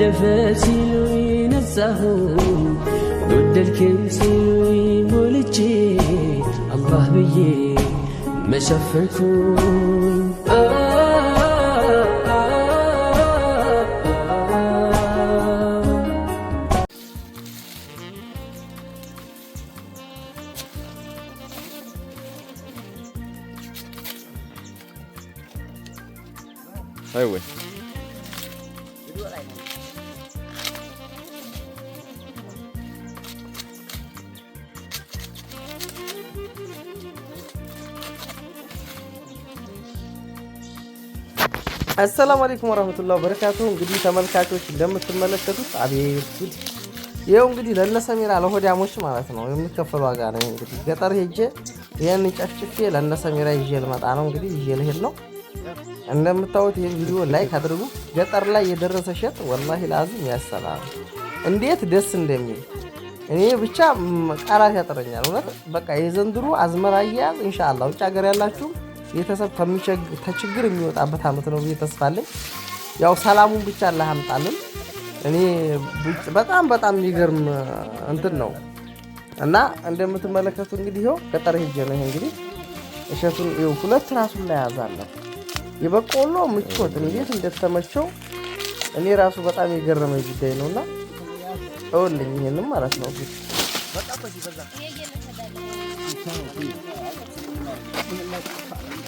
ደፈሲሉ ይነሳሁ ጎደልክም ሲሉ ሞልቼ አላህ ብዬ መሸፈንኩኝ Highway. Kedua lain. አሰላሙ አለይኩም ወራህመቱላሂ በረካቱ። እንግዲህ ተመልካቾች እንደምትመለከቱት አቤት ጉድ! ይኸው እንግዲህ ለነሰሚራ ለሆዳሞች ማለት ነው የሚከፈል ዋጋ ነው። እንግዲህ ገጠር ሄጄ ይህን ጨፍጭፌ ለነሰሚራ ይዤ ልመጣ ነው። እንግዲህ ይዤ ልሄድ ነው። እንደምታዩት ይህን ቪዲዮ ላይክ አድርጉ። ገጠር ላይ የደረሰ ሸት ወላሂ ላዝም ያሰላል፣ እንዴት ደስ እንደሚል እኔ ብቻ ቃላት ያጠረኛል። እውነት በቃ የዘንድሮ አዝመራ አያያዝ እንሻላ ውጭ ሀገር ያላችሁ ቤተሰብ ከችግር የሚወጣበት ዓመት ነው ብዬ ተስፋ ያው ሰላሙን ብቻ አላህ እኔ በጣም በጣም የሚገርም እንትን ነው እና እንደምትመለከቱ እንግዲህ ይኸው ገጠር ሄጄ ነው። ይሄ እንግዲህ እሸቱን ሁለት ራሱን ላይ ያዛለሁ። የበቆሎ ምቾት እንዴት እንደተመቸው እኔ ራሱ በጣም የገረመ ጉዳይ ነው እና እውልኝ ይሄንም ማለት ነው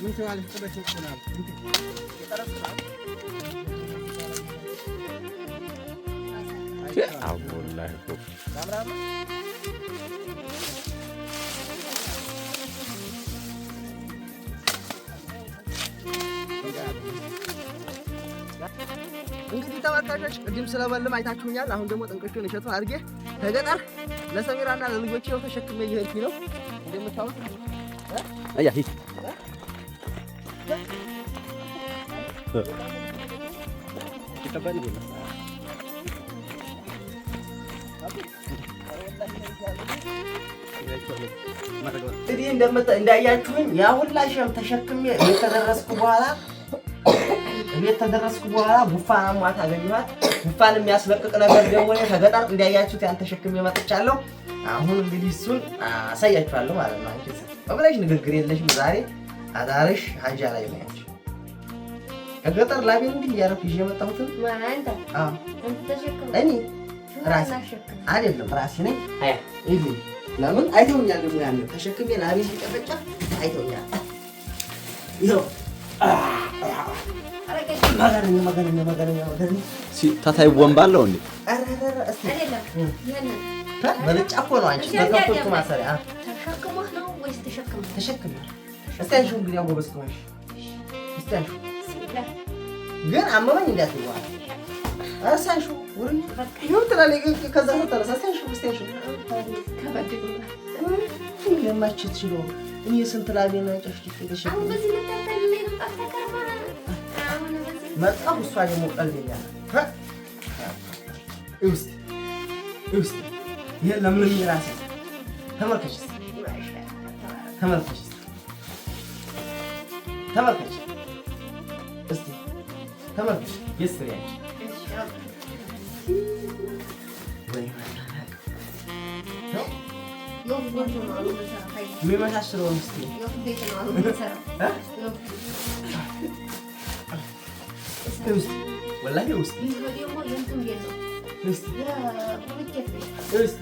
እንግዲህ ተመልካቾች ቅድም ስለበልም አይታችሁኛል። አሁን ደግሞ ጥንቅሹን እሸቱን አድርጌ ከገጠር ለሰሚራና ለልጆቼ ተሸክሜ እየሄድኩኝ ነው እንደምታውቁት እንግዲህ እንዳያችሁኝ ያ ሁላ ሸም ተሸክሜ የተደረስኩ በኋላ እቤት ተደረስኩ በኋላ ጉፋን ሟት አገኘኋት። ጉፋን የሚያስለቅቅ ነገር ደግሞ ከገጠር እንዳያችሁት ያን ተሸክሜ መጥቻለሁ። አሁን እንግዲህ እሱን አሳያችኋለሁ ማለት ነው። አንቺ በብለሽ ንግግር የለሽም ዛሬ አዳርሽ ሀጃ ላይ ነው ያለችው ገጠር ላቤ እንግዲህ እያደረኩ ይዤ የመጣሁትን እኔ ራሴ አይደለም ራሴ ነኝ። ለምን አይተውኛል? ደግሞ ያለ ተሸክሜ ላቤ ሲጨፈጨፍ አይተውኛል። ታታይ ወንባ አለው እንዴ? በነጫ እኮ ነው አንቺ በከብቶቹ ማሰሪያ ተሸክመህ ነው ወይስ ተሸክመህ? ተሸክመህ እስቲ አንሺው እንግዲህ ጎበዝ ከሆንሽ እስቲ አንሺው ግን አመመኝ እንዳትዋ አሳሹ እኔ ስንት ላቤን መጣሁ። እሷ ደግሞ ቀልደኛ ለምን ራሴ ተመልከች ተመልከች ተመልከች Tamam. Geç sıraya. Yok buradan alın mesela. Hayır. Düğme kaç lira olmuş diye. Yok buradan alın mesela. Ha? Yok. Özlü. Vallahi özlü. Özlü. Özlü. Özlü.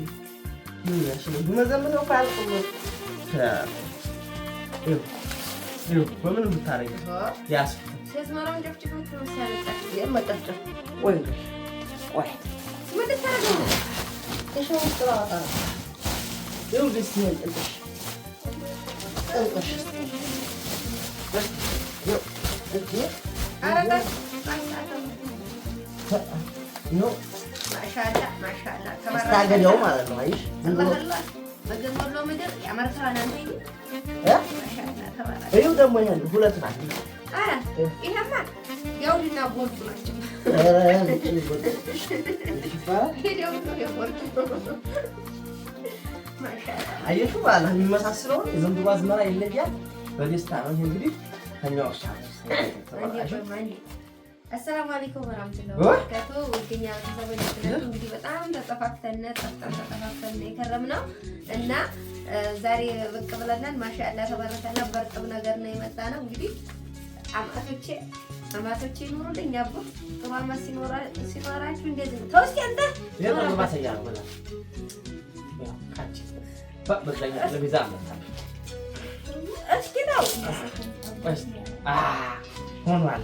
Şimdi bunlardan bana o farkı olur. Tamam. Evet. በምን የምታረጊ ያስ ስታገኘው ማለት ነው አይሽ በገሞሎ ምድር ያመርተዋል አንተ ይኸው ደግሞ ሁለት ናት። ይሄማ ያውና ቦርዱ ናቸው። አየሽው ማለት የሚመሳስለውን የዘንድሮ አዝመራ ይለያል። በደስታ ነው እንግዲህ አሰላሙ አለይኩም ወራህመቱላሂ ወበረካቱህ። ወገኛ ቤተሰቦች እንግዲህ በጣም ተጠፋፍተን ጠፍጠን ተጠፋፍተን የከረምነው እና ዛሬ ብቅ ብለናል። ማሻአላህ ተባረከላህ። በርጥብ ነገር ነው የመጣ ነው። እንግዲህ አማቶቼ አማቶቼ ይኑሩልኝ። አቦ ጥሩ አማት ሲኖራችሁ እንደዚህ ነው። ተው እስኪ አንተ እስኪ ነው ሆኗል።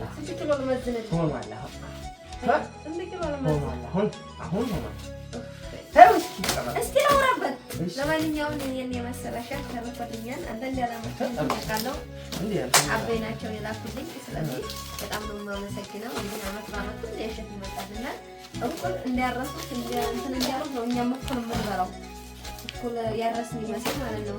እስኪ ላውራበት። ለማንኛውም እኔን የመሰለ ሸፍ ተልኮልኛል። አንተ እንዳላመሰግናለሁ አበይ ናቸው የላኩልኝ። ስለዚህ በጣም ነው የማመሰግነው። እንግዲህ አመት በአመት ሁሌ ሸፍ ይመጣልናል። እኩል እንዳያረሱት እንትን እንዲያሉት ነው እኛም እኩል የምንበላው እኩል ያረስን ይመስል ማለት ነው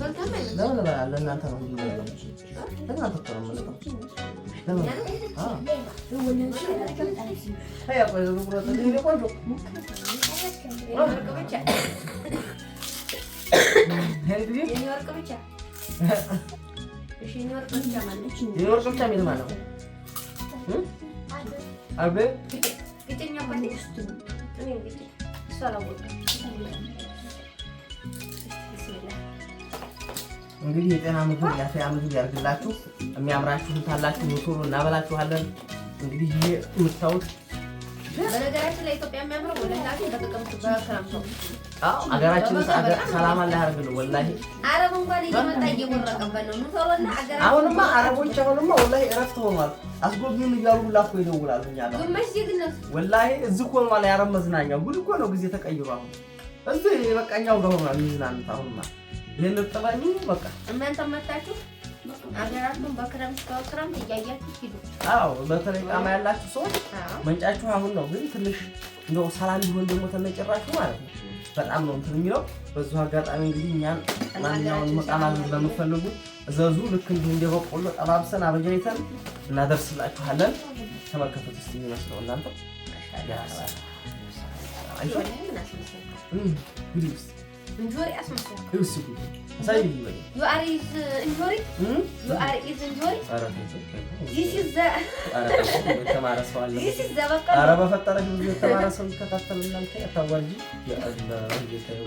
ለምን እበላለሁ? ለእናንተ ነው ለእናንተ እኮ ነው የምልህ። የወርቅ ብቻ የሚል ማለት ነው። እንግዲህ የጤና ምግብ የአፍያ ምግብ ያድርግላችሁ። የሚያምራችሁን ካላችሁ ቶሎ እናበላችኋለን። እንግዲህ ይሄ የምታዩት በነገራችን ላይ ኢትዮጵያ የሚያምረው አገራችን ሰላም አለ አረብ እንኳን እየመጣ ነው። አረቦች አሁንማ ወላሂ እረፍት ሆኗል። አስጎብኝም እያሉ ሁላ እኮ ይደውላሉ። እኛ ወላሂ እዚህ ሆኗል። የአረብ መዝናኛው ጉድ እኮ ነው። ጊዜ ተቀይሮ እዚህ በቃ ጋር ሆኗል የሚዝናኑት አሁንማ ለመጠባኝ በቃ እናንተ መታችሁ በክረምት በክረምት እያያችሁ ሂዱ። አዎ በተለይ ቃማ ያላችሁ ሰዎች መንጫችሁ አሁን ነው፣ ግን ትንሽ እንደው ሰላም ቢሆን ደግሞ ማለት ነው። በጣም ነው እንትን የሚለው። አጋጣሚ እንግዲህ እኛን ማንኛውን መቃማ ለምትፈልጉ እዘዙ። ልክ እንዲሁ እንደ በቆሎ ጠባብሰን አበጃይተን እናደርስላችኋለን። ተመልከቱት እስኪ የሚመስለው እናንተ እንጆሪ አስመስል እሱ አሳይ ይበል ዩ አር ኢዝ እንጆሪ ዩ አር ኢዝ እንጆሪ ዚስ ኢዝ ዘ ኧረ በፈጠረሽ ብዙ የተማረ ሰው ይከታተልናል። ተይ አታዋርጂ።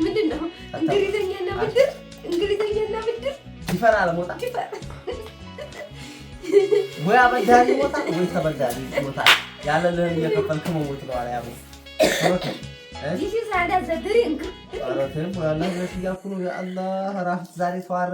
ምንድን ነው እንግሊዘኛና ብድር እንግሊዘኛና ብድር ይፈራ ለሞታ ይፈራ ወይ አበዳሪ ሞታ ወይ ተበዳሪ ሞታ ያለልህን እየከፈልክ መሞት ነው አለ ያበ ዚስ ኢዝ አዳ ዘ ድሪንክ ኧረ ተይው ነው። የአላህ ራፍት ዛሬ ተዋረደ።